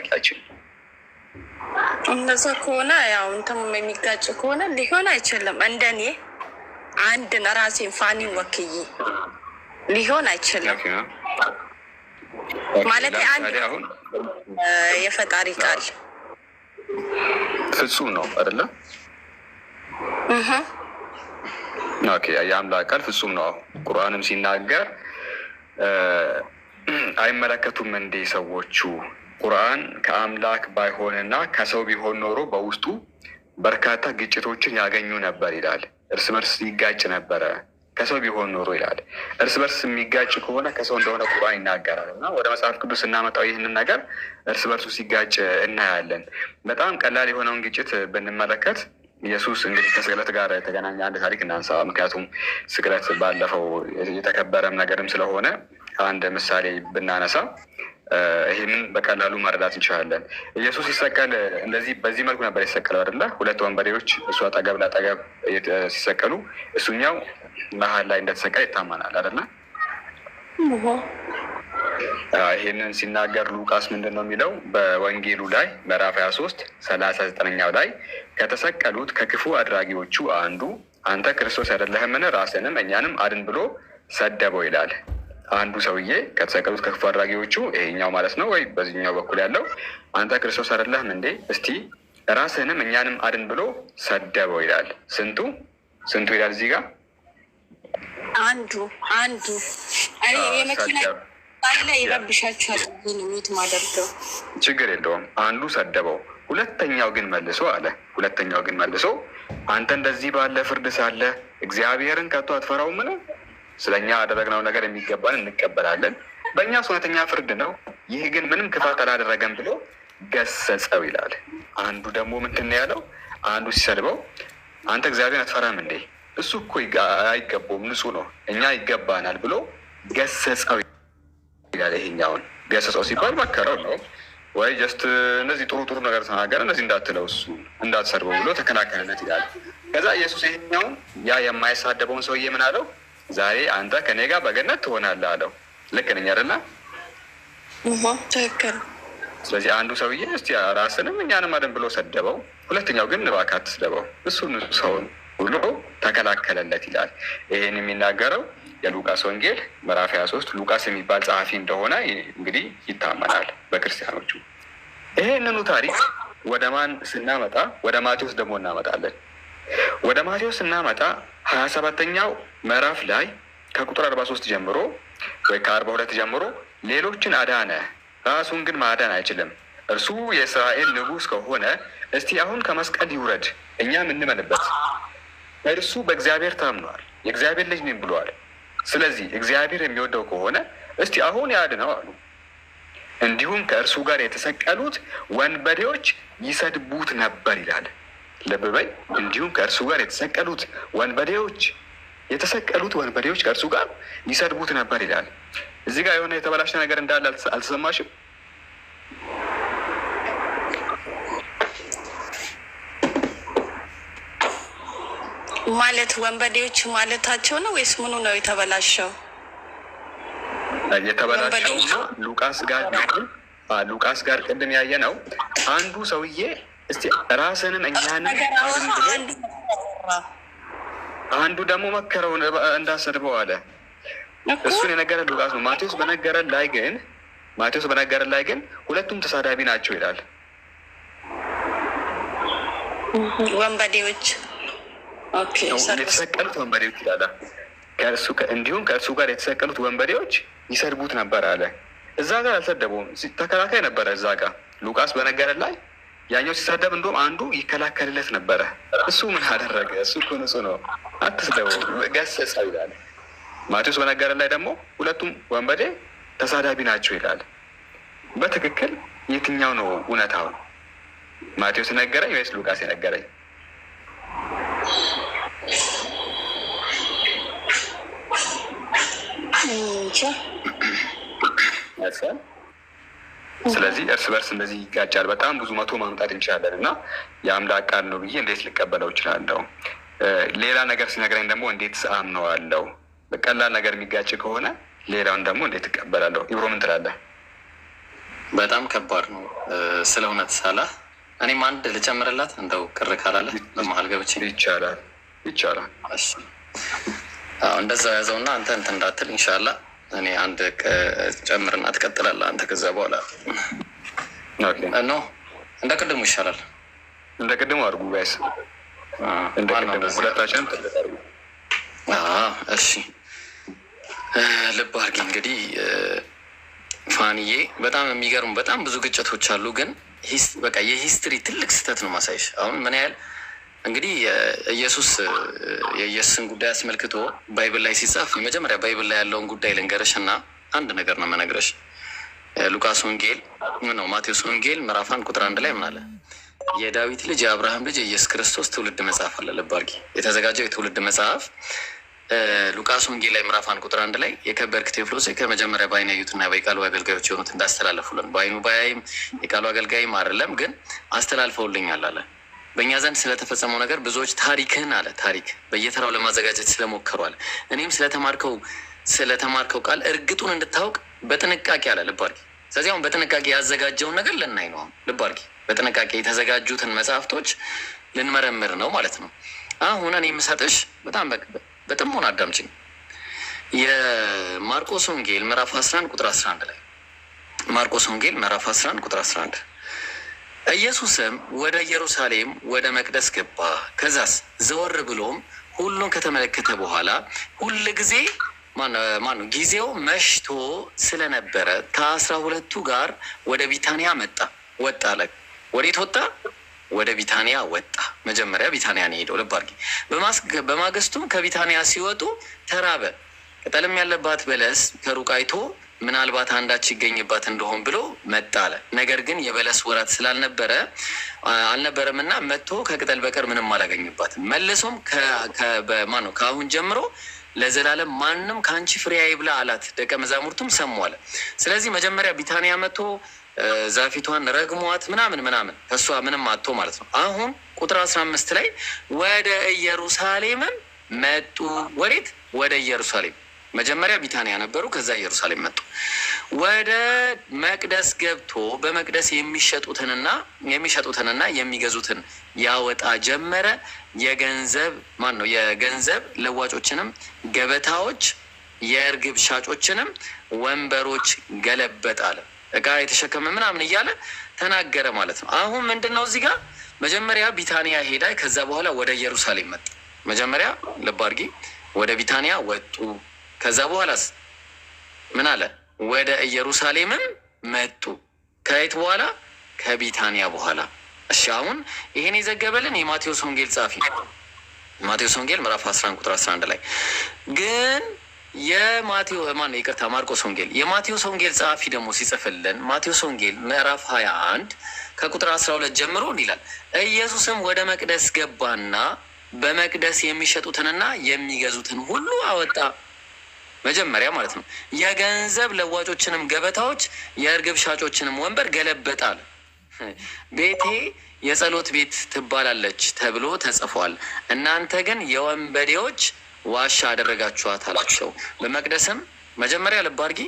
ጥያቄያችን። እነዛ ከሆነ ያው እንትም የሚጋጭ ከሆነ ሊሆን አይችልም። እንደኔ አንድን ራሴን ፋኒን ወክዬ ሊሆን አይችልም ማለት አንድ የፈጣሪ ቃል ፍጹም ነው አይደለ? የአምላክ ቃል ፍጹም ነው። ቁርአንም ሲናገር አይመለከቱም እንዴ ሰዎቹ ቁርአን ከአምላክ ባይሆንና ከሰው ቢሆን ኖሮ በውስጡ በርካታ ግጭቶችን ያገኙ ነበር ይላል። እርስ በርስ ይጋጭ ነበረ ከሰው ቢሆን ኖሮ ይላል። እርስ በርስ የሚጋጭ ከሆነ ከሰው እንደሆነ ቁርአን ይናገራል እና ወደ መጽሐፍ ቅዱስ እናመጣው ይህንን ነገር እርስ በርሱ ሲጋጭ እናያለን። በጣም ቀላል የሆነውን ግጭት ብንመለከት ኢየሱስ እንግዲህ ከስቅለት ጋር የተገናኘ አንድ ታሪክ እናንሳ። ምክንያቱም ስቅለት ባለፈው የተከበረም ነገርም ስለሆነ አንድ ምሳሌ ብናነሳ ይህንን በቀላሉ መረዳት እንችላለን። ኢየሱስ ሲሰቀል እንደዚህ በዚህ መልኩ ነበር የተሰቀለው አይደለ? ሁለት ወንበዴዎች እሱ አጠገብ ለአጠገብ ሲሰቀሉ እሱኛው መሀል ላይ እንደተሰቀለ ይታመናል አይደለ? ይህንን ሲናገር ሉቃስ ምንድን ነው የሚለው? በወንጌሉ ላይ ምዕራፍ 23 ሰላሳ ዘጠነኛው ላይ ከተሰቀሉት ከክፉ አድራጊዎቹ አንዱ አንተ ክርስቶስ አይደለህምን? ራስንም እኛንም አድን ብሎ ሰደበው ይላል። አንዱ ሰውዬ ከተሰቀሉት ከክፉ አድራጊዎቹ ይሄኛው ማለት ነው ወይ በዚህኛው በኩል ያለው አንተ ክርስቶስ አይደለህም እንዴ? እስቲ ራስህንም እኛንም አድን ብሎ ሰደበው ይላል። ስንቱ ስንቱ ይላል እዚህ ጋር አንዱ አንዱ የመኪና ማደርገው ችግር የለውም። አንዱ ሰደበው። ሁለተኛው ግን መልሶ አለ ሁለተኛው ግን መልሶ አንተ እንደዚህ ባለ ፍርድ ሳለ እግዚአብሔርን ከቶ አትፈራውም? ስለ እኛ ያደረግነው ነገር የሚገባን እንቀበላለን፣ በእኛ እውነተኛ ፍርድ ነው። ይህ ግን ምንም ክፋት አላደረገም ብሎ ገሰጸው ይላል። አንዱ ደግሞ ምንድን ያለው? አንዱ ሲሰድበው አንተ እግዚአብሔር አትፈራም እንዴ? እሱ እኮ አይገባውም፣ ንጹሕ ነው፣ እኛ ይገባናል ብሎ ገሰጸው ይላል። ይሄኛውን ገሰጸው ሲባል መከረው ነው ወይ ጀስት እነዚህ ጥሩ ጥሩ ነገር ተናገረ፣ እነዚህ እንዳትለው እሱ እንዳትሰድበው ብሎ ተከላከለለት ይላል። ከዛ ኢየሱስ ይሄኛውን ያ የማይሳደበውን ሰውዬ ምን አለው? ዛሬ አንተ ከኔ ጋር በገነት ትሆናለህ አለው። ልክ ነኝ አይደለ? ትክክል። ስለዚህ አንዱ ሰውዬ እስቲ ራስንም እኛንም አድን ብሎ ሰደበው። ሁለተኛው ግን እባክህ አትስደበው እሱን ሰውን ብሎ ተከላከለለት ይላል። ይህን የሚናገረው የሉቃስ ወንጌል ምዕራፍ 23 ሉቃስ የሚባል ጸሐፊ እንደሆነ እንግዲህ ይታመናል በክርስቲያኖቹ። ይህንኑ ታሪክ ወደ ማን ስናመጣ ወደ ማቴዎስ ደግሞ እናመጣለን። ወደ ማቴዎስ ስናመጣ ሀያ ሰባተኛው ምዕራፍ ላይ ከቁጥር አርባ ሶስት ጀምሮ ወይ ከአርባ ሁለት ጀምሮ ሌሎችን አዳነ፣ ራሱን ግን ማዳን አይችልም። እርሱ የእስራኤል ንጉሥ ከሆነ እስቲ አሁን ከመስቀል ይውረድ፣ እኛም እንመንበት። እርሱ በእግዚአብሔር ታምኗል፣ የእግዚአብሔር ልጅ ነኝ ብሏል። ስለዚህ እግዚአብሔር የሚወደው ከሆነ እስቲ አሁን ያድነው አሉ። እንዲሁም ከእርሱ ጋር የተሰቀሉት ወንበዴዎች ይሰድቡት ነበር ይላል። ለብበይ እንዲሁም ከእርሱ ጋር የተሰቀሉት ወንበዴዎች የተሰቀሉት ወንበዴዎች ከእርሱ ጋር ይሰድቡት ነበር ይላል። እዚህ ጋር የሆነ የተበላሸ ነገር እንዳለ አልተሰማሽም? ማለት ወንበዴዎች ማለታቸው ነው ወይስ ምኑ ነው የተበላሸው? የተበላሸው ሉቃስ ጋር ሉቃስ ጋር ቅድም ያየ ነው አንዱ ሰውዬ እስቲ ራስንም እኛንም አንዱ ደግሞ መከረውን እንዳሰድበው አለ። እሱን የነገረ ሉቃስ ነው። ማቴዎስ በነገረን ላይ ግን ማቴዎስ በነገረን ላይ ግን ሁለቱም ተሳዳቢ ናቸው ይላል። ወንበዴዎች የተሰቀሉት ወንበዴዎች ይላል። እንዲሁም ከእርሱ ጋር የተሰቀሉት ወንበዴዎች ይሰድቡት ነበር አለ። እዛ ጋር አልሰደቡም፣ ተከላካይ ነበረ እዛ ጋር ሉቃስ በነገረን ላይ ያኛው ሲሳደብ እንዲሁም አንዱ ይከላከልለት ነበረ። እሱ ምን አደረገ? እሱ እኮ ንጹህ ነው፣ አትስደቡ፣ ገሰጸው ይላል ማቴዎስ። በነገር ላይ ደግሞ ሁለቱም ወንበዴ ተሳዳቢ ናቸው ይላል። በትክክል የትኛው ነው እውነታው? ማቴዎስ የነገረኝ ወይስ ሉቃስ የነገረኝ? ስለዚህ እርስ በርስ እንደዚህ ይጋጫል። በጣም ብዙ መቶ ማምጣት እንችላለን እና የአምላክ ቃል ነው ብዬ እንዴት ልቀበለው እችላለሁ? ሌላ ነገር ሲነግረኝ ደግሞ እንዴት አምነዋለሁ? በቀላል ነገር የሚጋጭ ከሆነ ሌላውን ደግሞ እንዴት እቀበላለሁ? ኢብሮ ምን ትላለህ? በጣም ከባድ ነው። ስለ እውነት ሳላ እኔም አንድ ልጨምርላት እንደው ቅር ካላለ በመሀል ገብቼ ይቻላል ይቻላል እንደዛው ያዘውና አንተ እንትን እንዳትል ኢንሻላህ እኔ አንድ ጨምርና ትቀጥላለህ አንተ። ከዛ በኋላ ኖ እንደ ቅድሙ ይሻላል። እንደ ቅድሙ አድርጉ ጋይስ፣ እንደ ቅድሙ ሁለታችን። እሺ ልብ አድርጊ እንግዲህ ፋንዬ። በጣም የሚገርሙ በጣም ብዙ ግጭቶች አሉ፣ ግን በቃ የሂስትሪ ትልቅ ስህተት ነው ማሳይሽ አሁን ምን ያህል እንግዲህ ኢየሱስ የኢየሱስን ጉዳይ አስመልክቶ ባይብል ላይ ሲጻፍ የመጀመሪያ ባይብል ላይ ያለውን ጉዳይ ልንገረሽ እና አንድ ነገር ነው መነግረሽ። ሉቃስ ወንጌል ነው ማቴዎስ ወንጌል ምዕራፍ አንድ ቁጥር አንድ ላይ ምን አለ? የዳዊት ልጅ የአብርሃም ልጅ የኢየሱስ ክርስቶስ ትውልድ መጽሐፍ አለ። ልብ አድርጊ። የተዘጋጀው የትውልድ መጽሐፍ ሉቃስ ወንጌል ላይ ምዕራፍ አንድ ቁጥር አንድ ላይ የከበርክ ቴዎፍሎስ ከመጀመሪያ በዓይን ያዩትና የቃሉ አገልጋዮች የሆኑት እንዳስተላለፉልን በአይኑ በአይም የቃሉ አገልጋይም አይደለም ግን አስተላልፈውልኛል አለ በእኛ ዘንድ ስለተፈጸመው ነገር ብዙዎች ታሪክህን አለ ታሪክ በየተራው ለማዘጋጀት ስለሞከሯል። እኔም ስለተማርከው ስለተማርከው ቃል እርግጡን እንድታውቅ በጥንቃቄ አለ ልብ አድርጊ። ስለዚህ አሁን በጥንቃቄ ያዘጋጀውን ነገር ልናይ ነው። አሁን ልብ አድርጊ፣ በጥንቃቄ የተዘጋጁትን መጽሐፍቶች ልንመረምር ነው ማለት ነው። አሁን እኔ የምሰጥሽ በጣም በጥሞና አዳምጪኝ። የማርቆስ ወንጌል ምዕራፍ 11 ቁጥር 11 ላይ ማርቆስ ወንጌል ምዕራፍ 11 ቁጥር 11 ኢየሱስም ወደ ኢየሩሳሌም ወደ መቅደስ ገባ። ከዛስ ዘወር ብሎም ሁሉን ከተመለከተ በኋላ ሁል ጊዜ ማነው ጊዜው መሽቶ ስለነበረ ከአስራ ሁለቱ ጋር ወደ ቢታንያ መጣ ወጣ አለ። ወዴት ወጣ? ወደ ቢታንያ ወጣ። መጀመሪያ ቢታንያ ነው የሄደው። ልብ አድርጊ። በማግስቱም ከቢታንያ ሲወጡ ተራበ። ቅጠልም ያለባት በለስ ከሩቅ አይቶ ምናልባት አንዳች ይገኝባት እንደሆን ብሎ መጣ አለ። ነገር ግን የበለስ ወራት ስላልነበረ አልነበረም እና መጥቶ ከቅጠል በቀር ምንም አላገኝባትም። መልሶም ማነው ከአሁን ጀምሮ ለዘላለም ማንም ከአንቺ ፍሬ አይብላ አላት። ደቀ መዛሙርቱም ሰሙ አለ። ስለዚህ መጀመሪያ ቢታንያ መጥቶ ዛፊቷን ረግሟት ምናምን ምናምን ከእሷ ምንም አጥቶ ማለት ነው። አሁን ቁጥር አስራ አምስት ላይ ወደ ኢየሩሳሌምም መጡ። ወዴት? ወደ ኢየሩሳሌም መጀመሪያ ቢታንያ ነበሩ፣ ከዛ ኢየሩሳሌም መጡ። ወደ መቅደስ ገብቶ በመቅደስ የሚሸጡትንና የሚሸጡትንና የሚገዙትን ያወጣ ጀመረ። የገንዘብ ማን ነው? የገንዘብ ለዋጮችንም ገበታዎች፣ የእርግብ ሻጮችንም ወንበሮች ገለበጥ አለ። እቃ የተሸከመ ምናምን እያለ ተናገረ ማለት ነው። አሁን ምንድን ነው እዚህ ጋር መጀመሪያ ቢታንያ ሄዳ፣ ከዛ በኋላ ወደ ኢየሩሳሌም መጣ። መጀመሪያ ልብ አድርጊ፣ ወደ ቢታንያ ወጡ ከዛ በኋላስ ምን አለ? ወደ ኢየሩሳሌምም መጡ። ከየት በኋላ? ከቢታንያ በኋላ። እሺ አሁን ይሄን የዘገበልን የማቴዎስ ወንጌል ጻፊ ማቴዎስ ወንጌል ምዕራፍ 11 ቁጥር 11 ላይ ግን የማቴዎ ማን ይቅርታ፣ ማርቆስ ወንጌል የማቴዎስ ወንጌል ጸሐፊ ደግሞ ሲጽፍልን ማቴዎስ ወንጌል ምዕራፍ 21 ከቁጥር 12 ጀምሮ እንዲህ ይላል። ኢየሱስም ወደ መቅደስ ገባና በመቅደስ የሚሸጡትንና የሚገዙትን ሁሉ አወጣ። መጀመሪያ ማለት ነው። የገንዘብ ለዋጮችንም ገበታዎች የእርግብ ሻጮችንም ወንበር ገለበጣል። ቤቴ የጸሎት ቤት ትባላለች ተብሎ ተጽፏል፣ እናንተ ግን የወንበዴዎች ዋሻ አደረጋችኋት አላቸው። በመቅደስም መጀመሪያ ልብ አድርጊ፣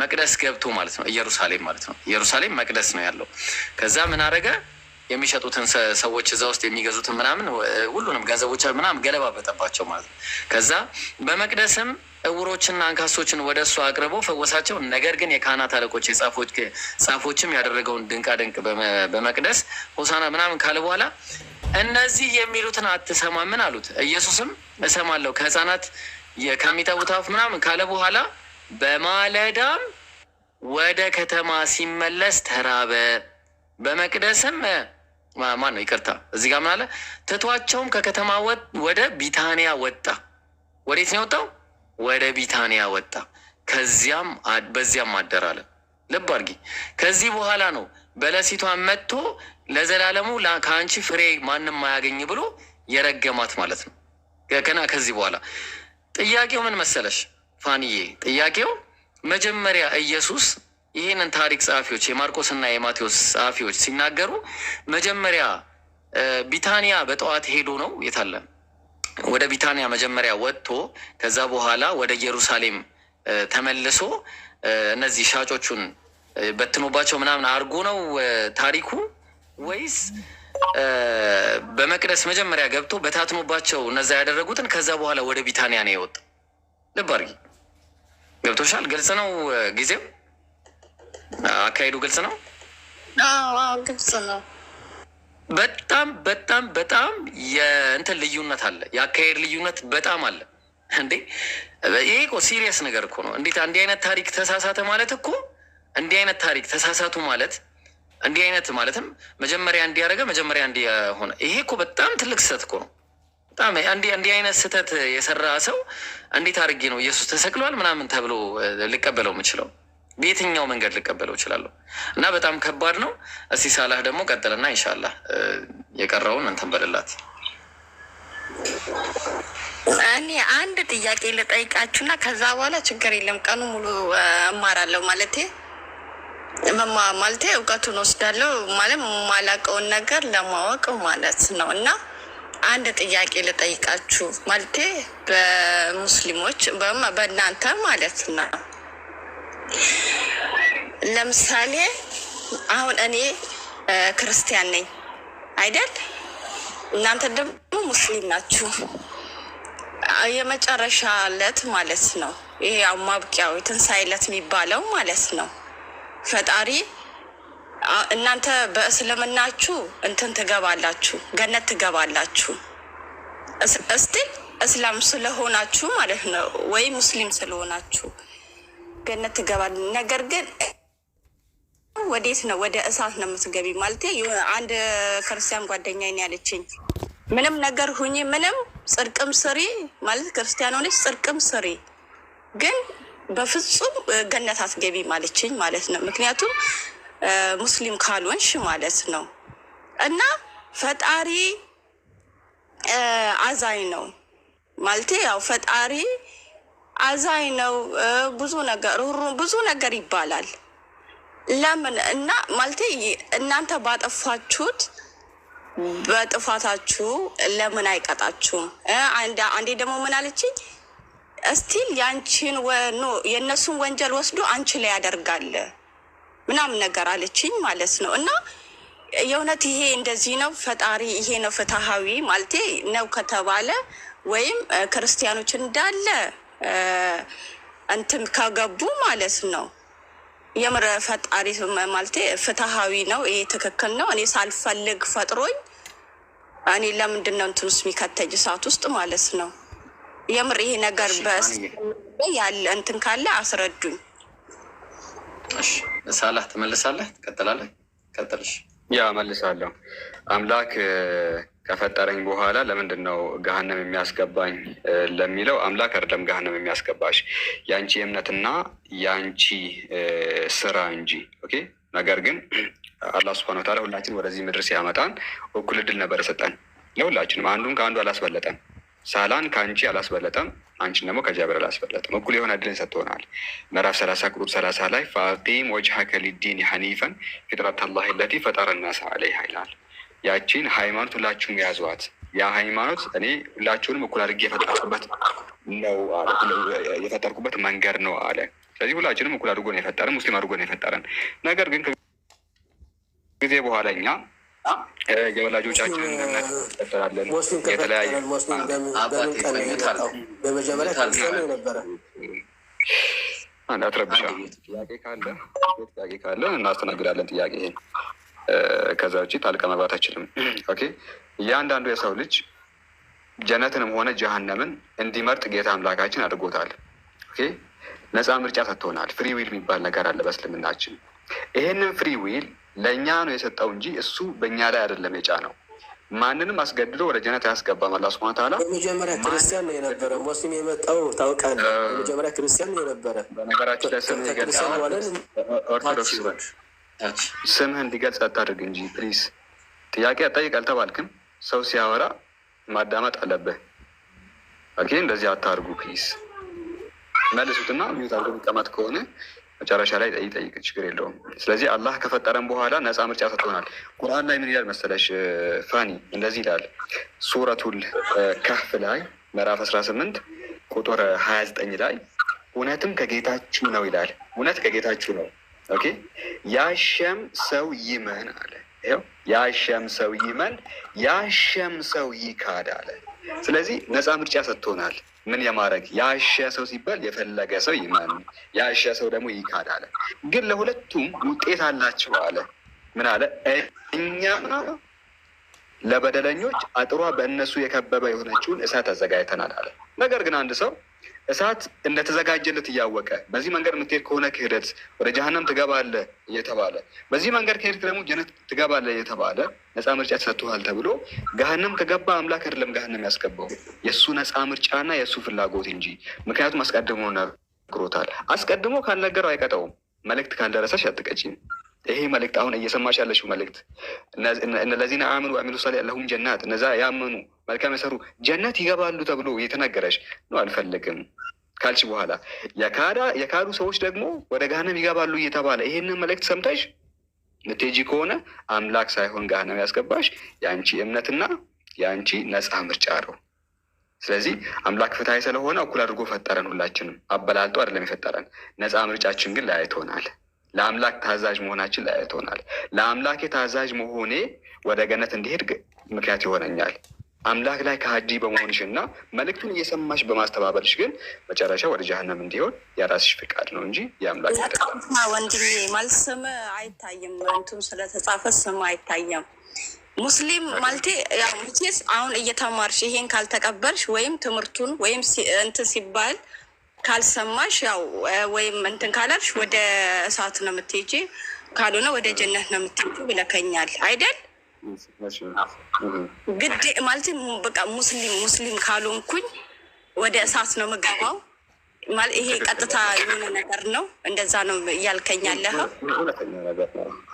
መቅደስ ገብቶ ማለት ነው ኢየሩሳሌም ማለት ነው። ኢየሩሳሌም መቅደስ ነው ያለው። ከዛ ምን አረገ? የሚሸጡትን ሰዎች እዛ ውስጥ የሚገዙትን ምናምን ሁሉንም ገንዘቦች ምናምን ገለባበጠባቸው ማለት ነው። ከዛ በመቅደስም እውሮችና አንካሶችን ወደ እሱ አቅርቦ ፈወሳቸው። ነገር ግን የካህናት አለቆች ጻፎችም ያደረገውን ድንቃድንቅ በመቅደስ ሆሳና ምናምን ካለ በኋላ እነዚህ የሚሉትን አትሰማምን አሉት። ኢየሱስም እሰማለሁ ከህፃናት ከሚጠቡት አፍ ምናምን ካለ በኋላ በማለዳም ወደ ከተማ ሲመለስ ተራበ። በመቅደስም ማን ነው ይቅርታ፣ እዚህ ጋር ምን አለ? ትቷቸውም ከከተማ ወደ ቢታንያ ወጣ። ወዴት ነው የወጣው? ወደ ቢታንያ ወጣ፣ ከዚያም በዚያም አደር አለ። ልብ አድርጊ። ከዚህ በኋላ ነው በለሲቷን መጥቶ ለዘላለሙ ከአንቺ ፍሬ ማንም ማያገኝ ብሎ የረገማት ማለት ነው። ገና ከዚህ በኋላ ጥያቄው ምን መሰለሽ ፋንዬ? ጥያቄው መጀመሪያ ኢየሱስ ይህንን ታሪክ ጸሐፊዎች የማርቆስና የማቴዎስ ጸሐፊዎች ሲናገሩ መጀመሪያ ቢታንያ በጠዋት ሄዶ ነው የታለም ወደ ቢታንያ መጀመሪያ ወጥቶ ከዛ በኋላ ወደ ኢየሩሳሌም ተመልሶ እነዚህ ሻጮቹን በትኖባቸው ምናምን አድርጎ ነው ታሪኩ ወይስ በመቅደስ መጀመሪያ ገብቶ በታትኖባቸው እነዛ ያደረጉትን ከዛ በኋላ ወደ ቢታንያ ነው የወጥ ልብ አድርጊ። ገብቶሻል? ግልጽ ነው። ጊዜው አካሄዱ ግልጽ ነው። ግልጽ ነው። በጣም በጣም በጣም የእንትን ልዩነት አለ፣ የአካሄድ ልዩነት በጣም አለ። እንዴ ይሄ እኮ ሲሪየስ ነገር እኮ ነው። እንዴት እንዲህ አይነት ታሪክ ተሳሳተ ማለት እኮ እንዲህ አይነት ታሪክ ተሳሳቱ ማለት እንዲህ አይነት ማለትም መጀመሪያ እንዲያደረገ መጀመሪያ እንዲህ ሆነ። ይሄ እኮ በጣም ትልቅ ስህተት እኮ ነው። በጣም እንዲህ አይነት ስህተት የሰራ ሰው እንዴት አድርጌ ነው ኢየሱስ ተሰቅሏል ምናምን ተብሎ ልቀበለው የምችለው? በየትኛው መንገድ ልቀበለው እችላለሁ? እና በጣም ከባድ ነው። እስቲ ሳላህ ደግሞ ቀጥልና ይሻላ የቀረውን እንትን በልላት። እኔ አንድ ጥያቄ ልጠይቃችሁና ከዛ በኋላ ችግር የለም ቀኑ ሙሉ እማራለሁ ማለቴ መማ ማለቴ እውቀቱን ወስዳለሁ ማለት የማላውቀውን ነገር ለማወቅ ማለት ነው እና አንድ ጥያቄ ልጠይቃችሁ ማለቴ በሙስሊሞች በእናንተ ማለት ነው ለምሳሌ አሁን እኔ ክርስቲያን ነኝ አይደል? እናንተ ደግሞ ሙስሊም ናችሁ። የመጨረሻ ዕለት ማለት ነው ይሄ ማብቂያው የትንሣኤ ዕለት የሚባለው ማለት ነው። ፈጣሪ እናንተ በእስልምናችሁ እንትን ትገባላችሁ፣ ገነት ትገባላችሁ እስቲ እስላም ስለሆናችሁ ማለት ነው ወይ ሙስሊም ስለሆናችሁ ገነት ትገባል። ነገር ግን ወዴት ነው? ወደ እሳት ነው የምትገቢ። ማለት አንድ ክርስቲያን ጓደኛዬን ያለችኝ ምንም ነገር ሁኚ፣ ምንም ጽድቅም ስሪ ማለት ክርስቲያን ሆነች ጽድቅም ስሪ፣ ግን በፍጹም ገነት አትገቢ ማለችኝ ማለት ነው። ምክንያቱም ሙስሊም ካልሆንሽ ማለት ነው። እና ፈጣሪ አዛኝ ነው ማለት ያው ፈጣሪ አዛኝ ነው። ብዙ ነገር ብዙ ነገር ይባላል። ለምን እና ማለት እናንተ ባጠፋችሁት በጥፋታችሁ ለምን አይቀጣችሁም? አንዴ ደግሞ ምን አለችኝ፣ እስቲል የአንቺን ኖ የእነሱን ወንጀል ወስዶ አንቺ ላይ ያደርጋል ምናምን ነገር አለችኝ ማለት ነው እና የእውነት ይሄ እንደዚህ ነው። ፈጣሪ ይሄ ነው ፍትሃዊ ማለቴ ነው ከተባለ ወይም ክርስቲያኖች እንዳለ እንትን ከገቡ ማለት ነው። የምር ፈጣሪ ማለቴ ፍትሃዊ ነው። ይሄ ትክክል ነው። እኔ ሳልፈልግ ፈጥሮኝ እኔ ለምንድን ነው እንትን ውስጥ የሚከተኝ ሰዓት ውስጥ ማለት ነው። የምር ይሄ ነገር በስ ያለ እንትን ካለ አስረዱኝ። ሳላህ ትመልሳለህ? ትቀጥላለህ? ቀጥልሽ። ያ መልሳለሁ አምላክ ከፈጠረኝ በኋላ ለምንድን ነው ገሃነም የሚያስገባኝ ለሚለው አምላክ አይደለም ገሃነም የሚያስገባሽ የአንቺ እምነትና የአንቺ ስራ እንጂ። ኦኬ። ነገር ግን አላህ ስብሐነ ወተዓላ ሁላችን ወደዚህ ምድር ሲያመጣን እኩል እድል ነበር የሰጠን ለሁላችንም። አንዱን ከአንዱ አላስበለጠም። ሳላን ከአንቺ አላስበለጠም፣ አንቺን ደግሞ ከጃብር አላስበለጠም። እኩል የሆነ እድልን ሰጥቶናል። ምዕራፍ ሰላሳ ቁጥር ሰላሳ ላይ ፋቂም ወጅሀከ ሊዲን ሐኒፈን ፊጥረተላሂ ለቲ ፈጠረ ናሰ ዐለይሃ ይላል። ያቺን ሃይማኖት ሁላችሁም የያዟት ያ ሃይማኖት እኔ ሁላችሁንም እኩል አድርጌ የፈጠርኩበት ነው የፈጠርኩበት መንገድ ነው አለ። ስለዚህ ሁላችንም እኩል አድርጎ ነው የፈጠረን፣ ሙስሊም አድርጎ ነው የፈጠረን። ነገር ግን ጊዜ በኋላ እኛ የወላጆቻችንን እምነት እንቀጥላለን። የተለያዩ አንድ አትረብሻ ጥያቄ ካለ እናስተናግዳለን። ጥያቄ ይሄ ከዛ ውጭ ጣልቃ መግባት አይችልም። ኦኬ እያንዳንዱ የሰው ልጅ ጀነትንም ሆነ ጀሃነምን እንዲመርጥ ጌታ አምላካችን አድርጎታል። ኦኬ ነፃ ምርጫ ሰጥቶናል። ፍሪ ዊል የሚባል ነገር አለ በእስልምናችን። ይሄንን ፍሪ ዊል ለእኛ ነው የሰጠው እንጂ እሱ በእኛ ላይ አይደለም ነው። ማንንም አስገድዶ ወደ ጀነት አያስገባም። አላህ ሱብሃነሁ ወተዓላ በመጀመሪያ ክርስቲያን ነው የነበረ፣ ሙስሊም የመጣው ታውቃለህ። በመጀመሪያ ክርስቲያን ነው የነበረ። በነገራችን ላይ ስም ይገርማል። ኦርቶዶክስ ስምህ እንዲገልጽ አታድርግ እንጂ ፕሊዝ። ጥያቄ አጠይቅ አልተባልክም። ሰው ሲያወራ ማዳመጥ አለብህ። ኦኬ፣ እንደዚህ አታርጉ ፕሊዝ። መልሱትና ሚዩት አድርጎ የሚቀመጥ ከሆነ መጨረሻ ላይ ጠይጠይቅ ችግር የለውም። ስለዚህ አላህ ከፈጠረን በኋላ ነፃ ምርጫ ሰጥቶናል። ቁርአን ላይ ምን ይላል መሰለሽ ፋኒ? እንደዚህ ይላል ሱረቱል ከፍ ላይ ምዕራፍ 18 ቁጥር 29 ላይ እውነትም ከጌታችሁ ነው ይላል። እውነት ከጌታችሁ ነው ኦኬ ያሸም ሰው ይመን አለ። ይኸው ያሸም ሰው ይመን፣ ያሸም ሰው ይካድ አለ። ስለዚህ ነፃ ምርጫ ሰጥቶናል። ምን የማድረግ ያሸ ሰው ሲባል የፈለገ ሰው ይመን፣ ያሸ ሰው ደግሞ ይካድ አለ። ግን ለሁለቱም ውጤት አላቸው አለ። ምን አለ? እኛ ለበደለኞች አጥሯ በእነሱ የከበበ የሆነችውን እሳት አዘጋጅተናል አለ። ነገር ግን አንድ ሰው እሳት እንደተዘጋጀለት እያወቀ በዚህ መንገድ የምትሄድ ከሆነ ክህደት ወደ ጀሀነም ትገባለ እየተባለ በዚህ መንገድ ከሄድክ ደግሞ ጀነት ትገባለ እየተባለ ነፃ ምርጫ ተሰጥቶሃል ተብሎ ገሀነም ከገባ አምላክ አይደለም ገሀነም ያስገባው የእሱ ነፃ ምርጫና የእሱ ፍላጎት እንጂ። ምክንያቱም አስቀድሞ ነግሮታል። አስቀድሞ ካልነገረው አይቀጠውም። መልእክት ካልደረሰሽ አትቀጪም። ይሄ መልእክት አሁን እየሰማች ያለችው መልእክት እነለዚነ አምኑ አሚሉ ሳሌ ለሁም ጀናት እነዛ ያመኑ መልካም የሰሩ ጀነት ይገባሉ ተብሎ የተነገረች ነው። አልፈልግም ካልች በኋላ የካዱ ሰዎች ደግሞ ወደ ጋህነም ይገባሉ እየተባለ ይሄንን መልእክት ሰምተሽ ምትጂ ከሆነ አምላክ ሳይሆን ጋህነም ያስገባሽ የአንቺ እምነትና የአንቺ ነፃ ምርጫ ነው። ስለዚህ አምላክ ፍትሀይ ስለሆነ እኩል አድርጎ ፈጠረን። ሁላችንም አበላልጦ አይደለም የፈጠረን። ነፃ ምርጫችን ግን ለያይቶናል። ለአምላክ ታዛዥ መሆናችን ለያይቶናል። ለአምላክ ታዛዥ መሆኔ ወደ ገነት እንዲሄድ ምክንያት ይሆነኛል። አምላክ ላይ ከሃዲ በመሆንሽ እና መልእክቱን እየሰማሽ በማስተባበልሽ ግን መጨረሻ ወደ ጀሃነም እንዲሆን የራስሽ ፍቃድ ነው እንጂ የአምላክ ወንድሜ ማለት ስም አይታይም። እንቱም ስለተጻፈ ስም አይታየም። ሙስሊም ማለቴ ያው አሁን እየተማርሽ ይሄን ካልተቀበልሽ ወይም ትምህርቱን ወይም እንትን ሲባል ካልሰማሽ ያው ወይም እንትን ካላልሽ ወደ እሳት ነው የምትሄጂ፣ ካልሆነ ወደ ጀነት ነው የምትሄጂ ይለከኛል አይደል? ግድ ማለት በቃ ሙስሊም ሙስሊም ካልሆንኩኝ ወደ እሳት ነው የምገባው። ይሄ ቀጥታ የሆነ ነገር ነው፣ እንደዛ ነው እያልከኛለህ።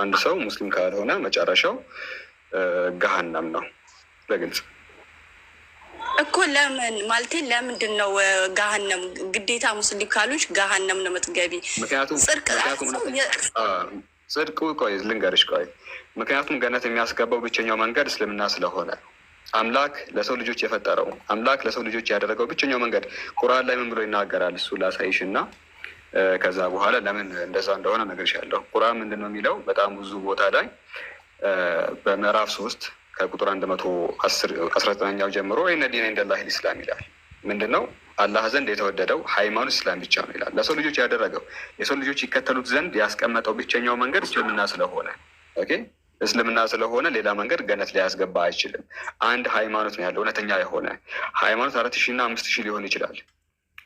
አንድ ሰው ሙስሊም ካልሆነ መጨረሻው ገሃናም ነው በግልጽ እኮ ለምን ማለቴ ለምንድን ነው ጋሃነም ግዴታ ሙስሊም ካሉች ጋሃነም ነው የምትገቢ? ጽድቁ ቆይ ልንገርሽ፣ ቆይ ምክንያቱም ገነት የሚያስገባው ብቸኛው መንገድ እስልምና ስለሆነ አምላክ ለሰው ልጆች የፈጠረው አምላክ ለሰው ልጆች ያደረገው ብቸኛው መንገድ ቁርአን ላይ ምን ብሎ ይናገራል? እሱ ላሳይሽ እና ከዛ በኋላ ለምን እንደዛ እንደሆነ እነግርሻለሁ። ቁርአን ምንድን ነው የሚለው? በጣም ብዙ ቦታ ላይ በምዕራፍ ሶስት ከቁጥር አንድ መቶ አስራ ዘጠነኛው ጀምሮ ወይነ ዲን ኢንደላሂል ኢስላም ይላል። ምንድን ነው አላህ ዘንድ የተወደደው ሃይማኖት እስላም ብቻ ነው ይላል። ለሰው ልጆች ያደረገው የሰው ልጆች ይከተሉት ዘንድ ያስቀመጠው ብቸኛው መንገድ እስልምና ስለሆነ ኦኬ እስልምና ስለሆነ ሌላ መንገድ ገነት ሊያስገባ አይችልም። አንድ ሃይማኖት ነው ያለው እውነተኛ የሆነ ሃይማኖት አራት ሺህ እና አምስት ሺህ ሊሆን ይችላል።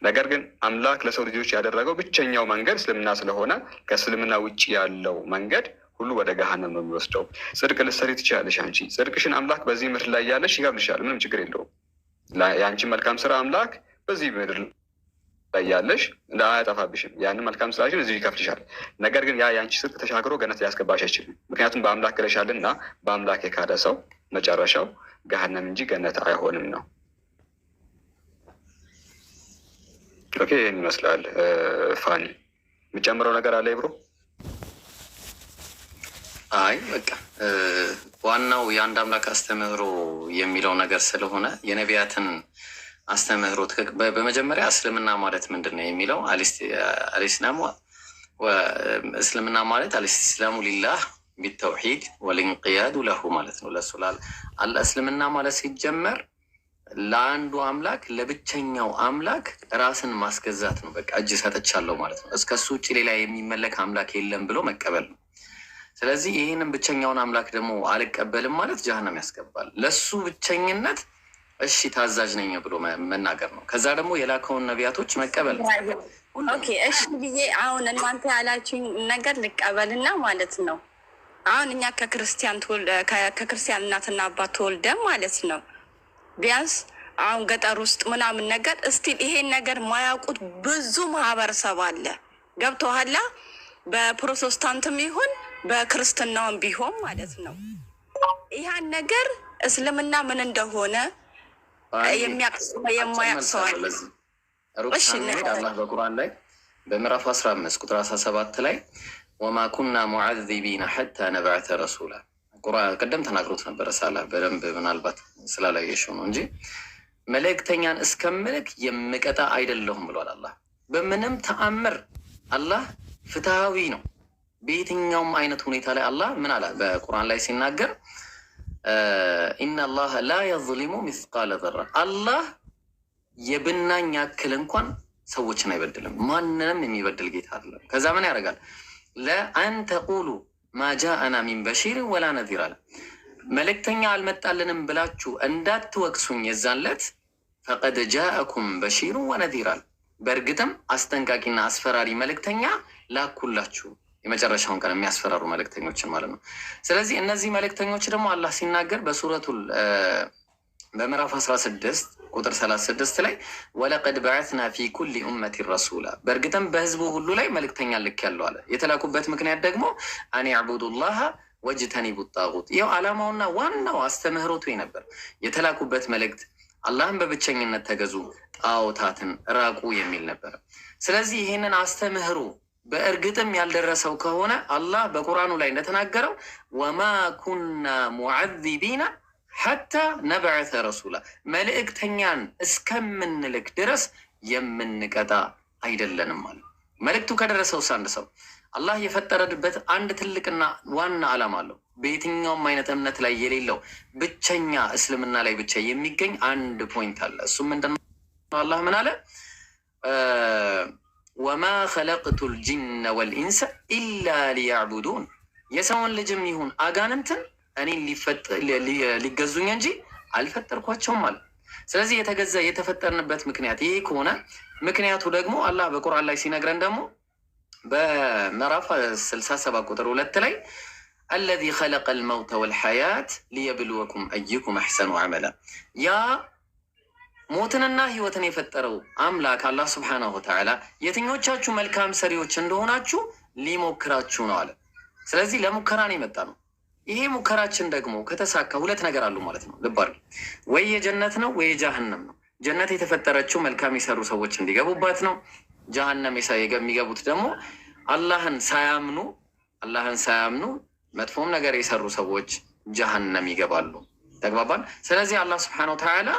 ነገር ግን አምላክ ለሰው ልጆች ያደረገው ብቸኛው መንገድ እስልምና ስለሆነ ከእስልምና ውጭ ያለው መንገድ ሁሉ ወደ ገሃነም ነው የሚወስደው። ጽድቅ ልትሰሪ ትችላለሽ አንቺ ጽድቅሽን አምላክ በዚህ ምድር ላይ ያለሽ ይከፍልሻል። ምንም ችግር የለውም። የአንቺ መልካም ስራ አምላክ በዚህ ምድር ላይ ያለሽ አያጠፋብሽም። ያን መልካም ስራሽን እዚህ ይከፍልሻል። ነገር ግን ያ የአንቺ ጽድቅ ተሻግሮ ገነት ሊያስገባሽ አይችልም። ምክንያቱም በአምላክ ክለሻል እና በአምላክ የካደ ሰው መጨረሻው ገሃነም እንጂ ገነት አይሆንም ነው። ኦኬ ይህን ይመስላል። ፋኒ የምጨምረው ነገር አለ ብሮ አይ በቃ ዋናው የአንድ አምላክ አስተምህሮ የሚለው ነገር ስለሆነ የነቢያትን አስተምህሮ በመጀመሪያ እስልምና ማለት ምንድን ነው የሚለው አልስላሙ እስልምና ማለት አልስላሙ ሊላህ ቢተውሒድ ወልንቅያዱ ለሁ ማለት ነው። ለሱ እስልምና ማለት ሲጀመር ለአንዱ አምላክ ለብቸኛው አምላክ ራስን ማስገዛት ነው። በቃ እጅ ሰጥቻለሁ ማለት ነው። እስከሱ ውጭ ሌላ የሚመለክ አምላክ የለም ብሎ መቀበል ነው። ስለዚህ ይህንን ብቸኛውን አምላክ ደግሞ አልቀበልም ማለት ጀሃነም ያስገባል። ለሱ ብቸኝነት እሺ ታዛዥ ነኝ ብሎ መናገር ነው። ከዛ ደግሞ የላከውን ነቢያቶች መቀበል ነው። እሺ ብዬ አሁን እናንተ ያላችሁኝ ነገር ልቀበልና ማለት ነው። አሁን እኛ ከክርስቲያን እናትና አባት ተወልደን ማለት ነው ቢያንስ አሁን ገጠር ውስጥ ምናምን ነገር እስቲል ይሄን ነገር ማያውቁት ብዙ ማህበረሰብ አለ። ገብቶሃል? በፕሮቴስታንትም ይሁን በክርስትናውም ቢሆን ማለት ነው። ይህን ነገር እስልምና ምን እንደሆነ የሚያቅሰዋል። አላህ በቁርአን ላይ በምዕራፍ አስራ አምስት ቁጥር አስራ ሰባት ላይ ወማ ኩና ሙዓዚቢና ሐታ ነብዓተ ረሱላ ቅደም ተናግሮት ነበረ። ሳላ በደንብ ምናልባት ስላላየሽው ነው እንጂ መልእክተኛን ምልክ የምቀጣ አይደለሁም ብሏል አላህ። በምንም ተአምር አላህ ፍትሃዊ ነው። በየትኛውም አይነት ሁኔታ ላይ አላህ ምን አለ በቁርአን ላይ ሲናገር ኢናላህ ላ የዝሊሙ ሚስቃለ ዘራ፣ አላህ የብናኝ ያክል እንኳን ሰዎችን አይበድልም። ማንንም የሚበድል ጌታ አለ። ከዛ ምን ያደርጋል? ለአን ተቁሉ ማጃአና ሚን በሺር ወላ ነዚር አለ። መልእክተኛ አልመጣልንም ብላችሁ እንዳትወቅሱኝ የዛን ፈቀድ ጃአኩም በሺሩ ወነዚር አለ። በእርግጥም አስጠንቃቂና አስፈራሪ መልእክተኛ ላኩላችሁ የመጨረሻውን ቀን የሚያስፈራሩ መልእክተኞችን ማለት ነው። ስለዚህ እነዚህ መልእክተኞች ደግሞ አላህ ሲናገር በሱረቱል በምዕራፍ 16 ቁጥር 36 ላይ ወለቀድ በዓትና ፊ ኩል ኡመት ረሱላ በእርግጥም በህዝቡ ሁሉ ላይ መልእክተኛ ልክ ያለው አለ። የተላኩበት ምክንያት ደግሞ አን ያዕቡዱላሃ ወጅተኒቡ ጣጉት። ይኸው ዓላማውና ዋናው አስተምህሮቱ ነበር። የተላኩበት መልእክት አላህን በብቸኝነት ተገዙ፣ ጣዖታትን ራቁ የሚል ነበር። ስለዚህ ይህንን አስተምህሮ በእርግጥም ያልደረሰው ከሆነ አላህ በቁርአኑ ላይ እንደተናገረው ወማ ኩና ሙዓዚቢና ሐታ ነብዐተ ረሱላ መልእክተኛን እስከምንልክ ድረስ የምንቀጣ አይደለንም አለ። መልእክቱ ከደረሰው አንድ ሰው አላህ የፈጠረበት አንድ ትልቅና ዋና ዓላማ አለው። በየትኛውም አይነት እምነት ላይ የሌለው ብቸኛ እስልምና ላይ ብቻ የሚገኝ አንድ ፖይንት አለ። እሱም ምንድነው? አላህ ምን አለ? ወማ ኸለቅቱል ጅነ ወልኢንሰ ኢላ ሊያዕቡዱን የሰውን ልጅም ይሁን አጋንንትን እኔን ሊገዙኝ እንጂ አልፈጠርኳቸውም አለ። ስለዚህ የተገዛ የተፈጠርንበት ምክንያት ይህ ከሆነ ምክንያቱ ደግሞ አላህ በቁርአን ላይ ሲነግረን ደግሞ በምዕራፍ ስልሳ ሰባ ቁጥር ሁለት ላይ አለዚ ኸለቀል መውተ ወልሐያት ሊየብልወኩም አዩኩም አሕሰኑ አመላ ያ ሞትንና ህይወትን የፈጠረው አምላክ አላህ ስብሓናሁ ወተዓላ የትኞቻችሁ መልካም ሰሪዎች እንደሆናችሁ ሊሞክራችሁ ነው አለ። ስለዚህ ለሙከራ ነው የመጣ ነው። ይሄ ሙከራችን ደግሞ ከተሳካ ሁለት ነገር አሉ ማለት ነው። ልብ አድርጊ። ወይ የጀነት ነው ወይ የጀሃነም ነው። ጀነት የተፈጠረችው መልካም የሰሩ ሰዎች እንዲገቡባት ነው። ጀሃነም የሚገቡት ደግሞ አላህን ሳያምኑ አላህን ሳያምኑ መጥፎም ነገር የሰሩ ሰዎች ጀሃነም ይገባሉ። ተግባባል። ስለዚህ አላህ ስብሓናሁ ወተዓላ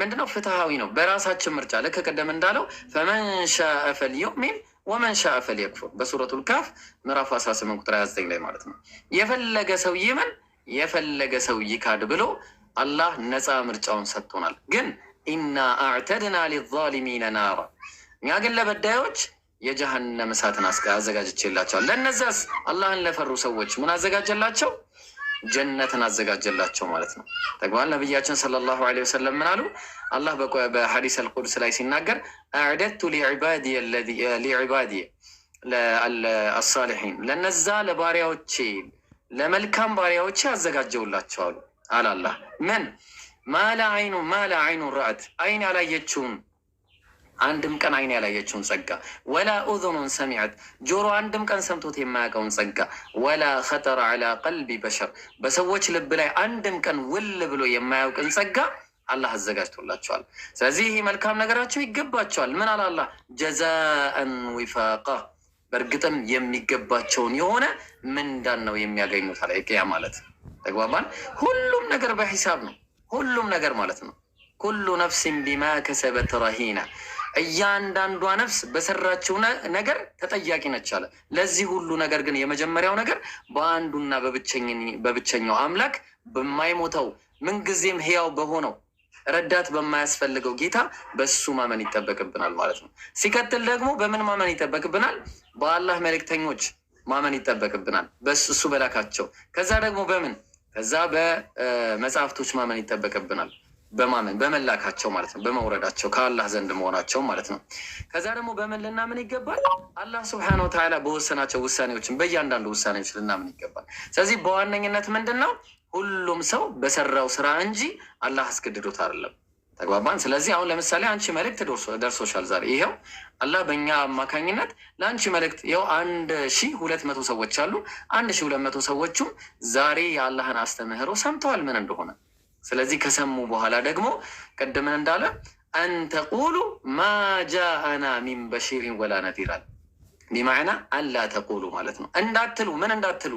ምንድነው? ፍትሃዊ ነው፣ በራሳችን ምርጫ። ልክ ቅድም እንዳለው ፈመንሻ ፈልዩሚን ወመንሻ ፈልየክፉር በሱረቱል ካፍ ምዕራፍ 18 ቁጥር 29 ላይ ማለት ነው። የፈለገ ሰው ይመን፣ የፈለገ ሰው ይካድ ብሎ አላህ ነፃ ምርጫውን ሰጥቶናል። ግን ኢና አዕተድና ሊዛሊሚነ ናራ፣ እኛ ግን ለበዳዮች የጀሃነም እሳትን አዘጋጅቼላቸዋል። ለእነዚያስ አላህን ለፈሩ ሰዎች ምን አዘጋጀላቸው? ጀነትን አዘጋጀላቸው ማለት ነው። ተግባል ነቢያችን ሰለላሁ ዐለይሂ ወሰለም ምን አሉ? አላህ በሐዲስ አልቁድስ ላይ ሲናገር አዕደቱ ሊዕባድየ አሳሊሒን ለነዛ ለባሪያዎቼ ለመልካም ባሪያዎቼ አዘጋጀውላቸዋሉ አላላህ ምን ማላ አይኑ ማላ አይኑ ረአት አይን ያላየችውን አንድም ቀን አይን ያላየችውን ጸጋ ወላ ኡዙኑን ሰሚዐት ጆሮ አንድም ቀን ሰምቶት የማያውቀውን ጸጋ ወላ ኸጠረ ዐላ ቀልቢ በሸር በሰዎች ልብ ላይ አንድም ቀን ውል ብሎ የማያውቅን ጸጋ አላህ አዘጋጅቶላቸዋል። ስለዚህ ይህ መልካም ነገራቸው ይገባቸዋል። ምን አለ አላህ ጀዛአን ዊፋቃ በእርግጥም የሚገባቸውን የሆነ ምንዳን ነው የሚያገኙት። አላይቅያ ማለት ተግባባን። ሁሉም ነገር በሂሳብ ነው። ሁሉም ነገር ማለት ነው። ኩሉ ነፍሲን ቢማ ከሰበት ረሂና እያንዳንዷ ነፍስ በሰራችው ነገር ተጠያቂ ነች አለ። ለዚህ ሁሉ ነገር ግን የመጀመሪያው ነገር በአንዱና በብቸኛው አምላክ በማይሞተው ምንጊዜም ሕያው በሆነው ረዳት በማያስፈልገው ጌታ በሱ ማመን ይጠበቅብናል ማለት ነው። ሲቀጥል ደግሞ በምን ማመን ይጠበቅብናል? በአላህ መልእክተኞች ማመን ይጠበቅብናል፣ በሱ በላካቸው። ከዛ ደግሞ በምን ከዛ በመጽሐፍቶች ማመን ይጠበቅብናል። በማመን በመላካቸው ማለት ነው፣ በመውረዳቸው ከአላህ ዘንድ መሆናቸው ማለት ነው። ከዛ ደግሞ በምን ልናምን ይገባል? አላህ ስብሐነ ወተዓላ በወሰናቸው ውሳኔዎችን በእያንዳንዱ ውሳኔዎች ልናምን ይገባል። ስለዚህ በዋነኝነት ምንድን ነው ሁሉም ሰው በሰራው ስራ እንጂ አላህ አስገድዶት አይደለም። ተግባባን። ስለዚህ አሁን ለምሳሌ አንቺ መልእክት ደርሶሻል ዛሬ። ይኸው አላህ በእኛ አማካኝነት ለአንቺ መልእክት ይኸው አንድ ሺ ሁለት መቶ ሰዎች አሉ። አንድ ሺ ሁለት መቶ ሰዎቹም ዛሬ የአላህን አስተምህሮ ሰምተዋል ምን እንደሆነ ስለዚህ ከሰሙ በኋላ ደግሞ ቅድምን እንዳለ አንተቁሉ ማጃአና ሚን በሺሪን ወላ ነዚር አለ። ቢማዕና አላ ተቁሉ ማለት ነው እንዳትሉ ምን እንዳትሉ